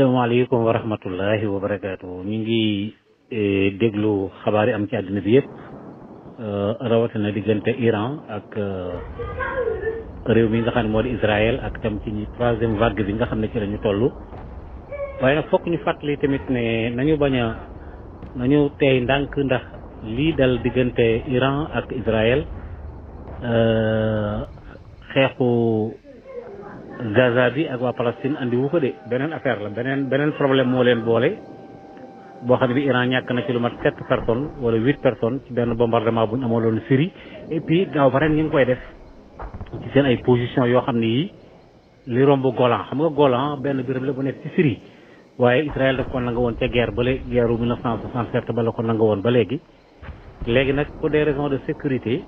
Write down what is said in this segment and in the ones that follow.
asalaamaaleykum wa rahmatullahi wa barakaatu ñu ngi e, déglu xabaar yi am ci àddina bi yëpp e, rawatina diggante Iran ak e, réew mi nga xam ne moo di Israël ak tam ci troisième vague bi nga xam ne ci lañu ñu toll. waaye fokk ñu fàttali tamit ne nañu bañ a nañu tey ndànk ndax lii dal diggante Iran ak Israël xeexu. Gaza bi ak waa Palestine andi ko de beneen affaire la beneen beneen problème moo leen boole boo xam ne bi Iran ñàkk na ci lu mat sept personnes wala huit personnes ci benn bombardement bu ñu amaloon Syrie et puis daaw ba ren ñu ngi koy def ci seen ay position yoo xam ne yi li romb Golan xam nga Golan benn béréb la bu nekk ci Syrie waaye Israël daf na nga woon ca guerre ba léegi guerre 1967 ba la ko nanga woon ba léegi léegi nag pour des raisons de sécurité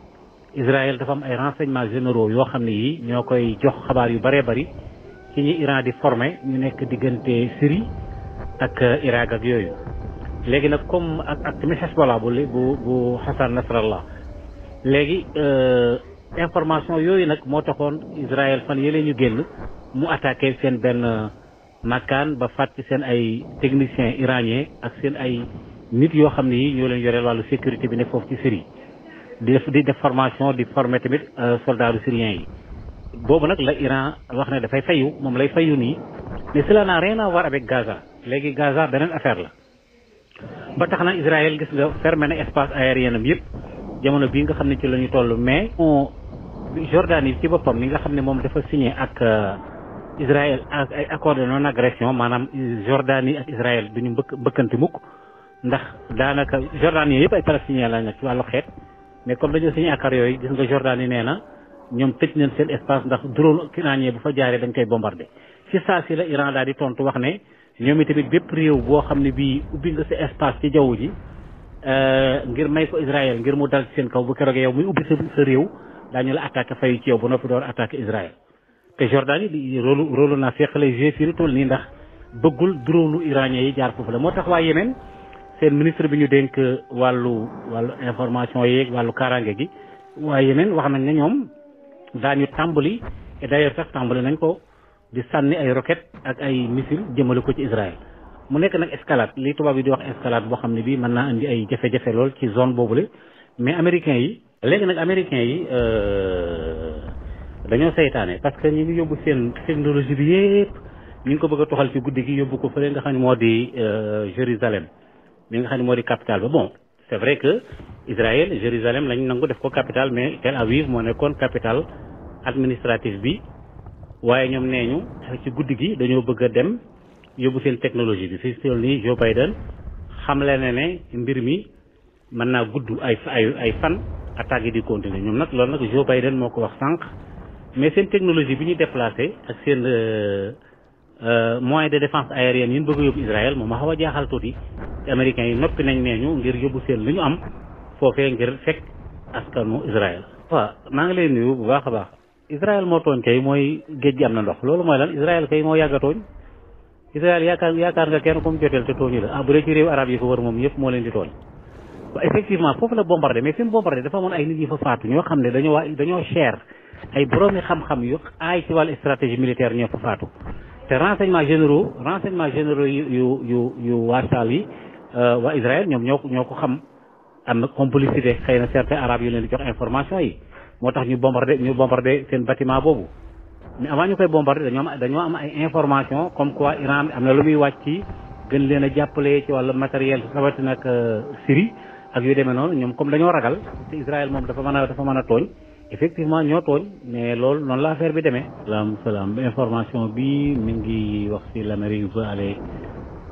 Israël dafa am ay renseignements généraux yoo xam ne yii ñoo koy jox xabaar yu bëree bari ci ñi Iran di formé ñu nekk diggante Syrie ak eh, Irak yooyu léegi nag comme ak ak tamit Hezbollah bu bu bu Hassan Nasrallah léegi eh, information yooyu nag moo taxoon Israël fan yële ñu génn mu attaqué seen benn makkaan ba fàtt seen ay techniciens iraniens ak seen ay nit yoo xam ne yi ñoo leen yoreel wàllu sécurité bi nekk foofu ci Syrie di def di def formation di former tamit euh, soldats syriens yi boobu nag la Iran wax ne dafay fayu moom lay fayu nii mais cela n'a rien avec Gaza léegi Gaza beneen affaire la ba tax na Israël gis nga fermé na espace aérien am yëpp jamono bii nga xam ne ci la ñu toll mais on Jordanie ci boppam mi nga xam ne moom dafa signé ak euh, Israël ak ay accord de non agression maanaam Jordanie ak Israël duñu mbëkk mbëkkanti mukk ndax daanaka Jordanie yëpp ay palestiniens la ci wàllu xeet mais comme dañoo signé accord yooyu gis nga Jordanie nee na ñoom tëj nañ seen espace ndax drone iranien bu fa jaaree dañ koy bombardé ci saa si la Iran daal di tontu wax ne ñoom itamit bépp réew boo xam ne bii ubbi nga sa espace ci jaww ji euh, ngir may ko Israël ngir mu dal seen kaw bu keroog yow muy ubbi sa sa réew daañu la attaqué fayu ci yow ba noppi door attaqué Israël te Jordanie di rôle rôle naa féeq lay joué fii lu toll nii ndax bëggul drone iranien yi jaar foofu la moo tax waa Yémen seen ministre bi ñu dénk wàllu wàllu information yee wàllu kaaraange gi waaye yeneen wax nañ ne ñoom daañu tàmbali et d'ailleurs sax tàmbali nañ ko di sànni ay roquettes ak ay missiles jëmale ko ci Israël mu nekk nag escalade li tubaab yi di wax escalade boo xam ne bii mën naa indi ay jafe-jafe lool ci zone le mais américains yi léegi nag américains yi euh, dañoo saytaane parce que ñu ngi yóbbu seen technologie bi yépp ñu ngi ko bëgg a toxal ci guddi gi yóbbu ko fële ne moo di euh, Jérusalem li nga xam ne moo di capital ba bon c'est vrai que Israël Jérusalem lañ nangu def ko capital mais Tel Aviv moo nekkoon capital administrative bi waaye ñoom nee ci guddi gi dañoo bëgg a dem yóbbu seen technologie bi fi toll nii Joe Biden xam na ne mbir mi mën naa gudd ay ay ay fan attaque yi di continuer ñoom nag loolu nag Joe Biden moo ko wax sànq mais seen technologie bi ñu déplacé ak seen euh, Euh, moyen de défense aérienne yi ñu bëgg a yóbbu Israël moom ma xaw a jaaxal tuuti te américains yi noppi nañ nee ñu ngir yóbbu seen li ñu am foofee ngir fekk askanu Israël. waa maa ngi leen nuyu bu baax a baax Israël moo tooñ kay mooy géej gi am na ndox loolu mooy lan Israël kay moo yàgg a tooñ Israël yaakaar yaakaar nga kenn ku mu joteel te tooñu la ah bu dee ci réew arab yi ko wër moom yëpp moo leen di tooñ. waaw effectivement foofu la bombardé mais fi mu dafa amoon ñoo xam ne dañoo dañoo cher ay boroomi xam-xam yu aay ci wàllu stratégie militaire ñoo fa te renseignement généraux renseignement généraux yu yu yu yu waasaal yi euh, waa Israël ñoom ñoo ko xam am na complicité xëy na certains arabes yu leen di jox information yi moo tax ñu bombardé ñu bombardé seen bâtiment boobu mais avant ñu koy bombardé dañoo am ay information comme quoi Iran am na lu muy wàcc ci gën leen a jàppale ci wàllu matériel rawatina ak euh, Syrie ak yu demee noonu ñoom comme dañoo ragal te Israël moom dafa mën a dafa mën a tooñ effectivement ñoo tooñ mais loolu noonu la affaire bi demee. salaam salaam information bi mi ngi wax si l'Amérique veut aller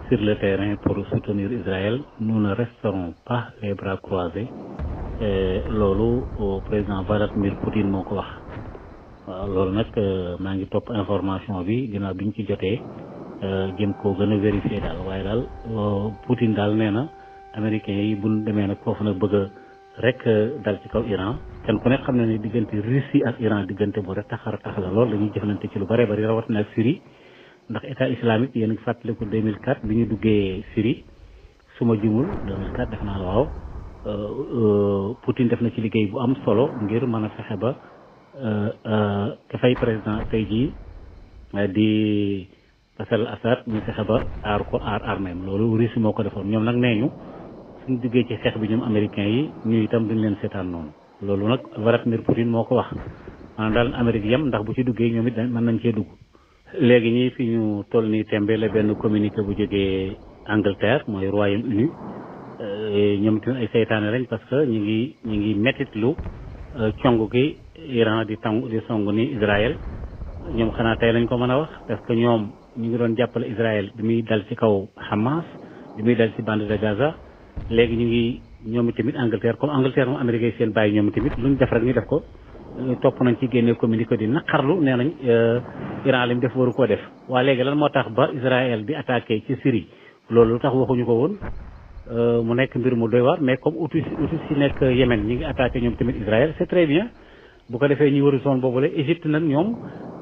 sur le terrain pour soutenir Israël nous ne resterons pas les bras croisés loolu président Vladimir Poutine moo ko wax. waaw loolu nag euh, maa ngi topp information bi ginnaaw bi ñu ci jotee jëm euh, koo gën a vérifier daal waaye daal euh, Poutine daal nee na américains yi bu ñu demee nag foofu nag bëgg rek dal ci kaw Iran. kan ku ne xam na ne diggante Russie ak Iran diggante bu retaxar tax la lool dañuy jëflante ci lu bare bari rawat na Syrie ndax état islamique yéen ngi fàttaliku 2004 bi ñu duggee Syrie suma jumul 2004 def naa waaw euh, euh, Poutine def na ci liggéey bu am solo ngir mën a fexe ba euh, ka fay président tey jii di Bachar al ñu fexe ba aar ko aar armeem loolu Russie moo ko defoon ñoom nag nee ñu suñ duggee ci xeex bi ñoom américain yi ñu itam duñ leen seetaan noonu loolu nag Vladimir Poutine moo ko wax maanaam daal Amérique yem ndax bu ci duggee ñoom it nañ cee dugg. léegi ñi fi ñu toll nii tembe la benn communiqué bu jógee Angleterre mooy Royaume-Uni euh, ñoom ay saytaane lañ parce que ñu ngi ñu ngi lu euh, cong gi Iran di tàng di song ni Israël ñoom xanaa tey lañ ko mën a wax parce que ñoom ñu ngi doon jàppale Israël bi muy dal ci kaw Hamas bi muy dal ci bande de Gaza léegi ñu ngi. ñoom tamit Angleterre comme Angleterre moom Amérique yi seen bàyyi ñoom tamit lu ñu def rek ñu def ko topp nañ ci génne communiqué di naqarlu nee nañ euh, Iran li mu def waru koo def waa léegi lan moo tax ba Israël bi attaqué ci Syrie loolu lu tax waxuñu ko woon euh, mu nekk mbir mu doy waar mais comme outil outil si nekk Yémen ñi ngi attaqué ñoom tamit Israël c'est très bien bu ko defee ñu waru boobu boobule Égypte nag ñoom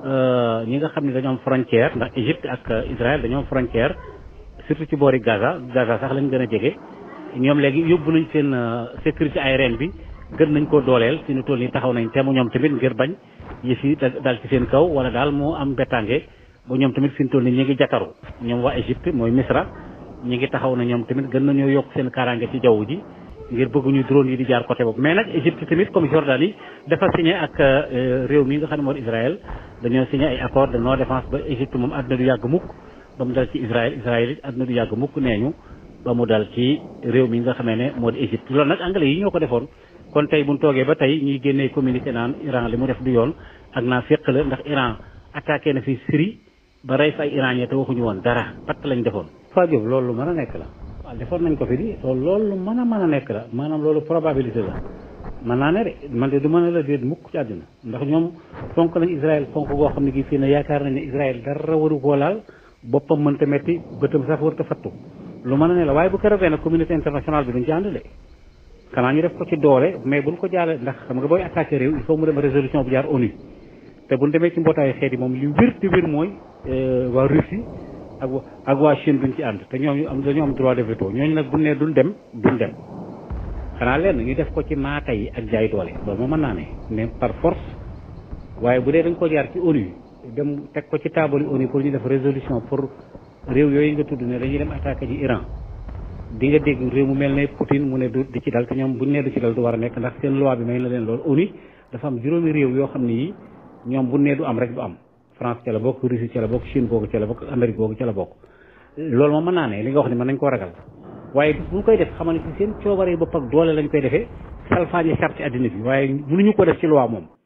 euh, ñi nga xam ne dañoom am frontière ndax Égypte ak Israël dañoo am frontière surtout ci boori Gaza Gaza sax lañ gën a jege ñoom léegi yóbbu nañ seen euh, sécurité aérienne bi gën nañ ko dooleel si ñu toll ni taxaw nañ temm ñoom tamit ngir bañ yëf yi dal ci seen kaw wala daal mu am bettange ba ñoom tamit fi ñu toll nii ñu ngi jakaru ñoom waa Égypte mooy Misra ñi ngi taxaw na ñoom tamit gën nañoo yokk seen kaaraange ci jaww ji ngir ñu drone yi di jaar côté boobu mais nag Égypte tamit comme Jordanie dafa signé ak euh, réew mi nga xam ne mooy Israël dañoo signé ay accord de non défense ba Égypte moom àdduna du yàgg mukk ba mu dal ci Israël Israël it àdduna du yàgg mukk nee ba mu dal ci réew mi nga xamee ne moo di Égypte loolu nag anglais yi ñoo ko defoon kon tey bu ñu toogee ba tey ñuy génnee communiqué naan Iran li mu def du yoon ak naa féq la ndax Iran attaqué na fi siri ba rey fa ay Iranien te waxuñu woon dara patt lañ defoon. Fa Diop loolu lu mën a nekk la waaw defoon nañ ko fi di loolu lu mën a mën a nekk la maanaam loolu probabilité la mën naa ne de man de mën a la déet mukk ci àdduna ndax ñoom fonk nañ Israël fonk goo xam ne gis fii na yaakaar nañ ne Israël dara waru koo laal boppam mënta metti bëtam sax warta fattu lu mën a ne la waaye bu keroogee nag communauté internationale bi duñ ci ànd de def ko ci doole mais buñ ko jaaree ndax xam nga booy attaqué réew il faut mu dem résolution bu jaar ONU te buñ demee ci mbootaayu xeet yi moom li wér di wér mooy euh, waa Russie ak waa Chine duñ ci ànd te ñooñu am dañoo am droit de veto ñooñu nag buñ nee duñ dem duñ dem xanaa lenn ñu def ko ci naata yi ak jaay doole loolu moom mën naa ne mais par force waaye bu dee dañ ko jaar ci ONU dem teg ko ci table ONU pour ñu def résolution pour réew yooyu nga tudd ne dañuy dem attaqué ji Iran di nga dégg réew mu mel ne Poutine mu ne du di ci dal te ñoom buñ ne ci dal du war a nekk ndax seen loi bi may na leen loolu ONU dafa am juróomi réew yoo xam ne yi ñoom bu ne am rek du am France ca la bokk Russie ca la bokk Chine googu ca la googu ca loolu moom mën naa ne li nga wax ni mën nañ koo ragal waaye bu koy def xamal ne ci seen coobare bopp ak doole lañ koy defee salfaañe charte ci ko def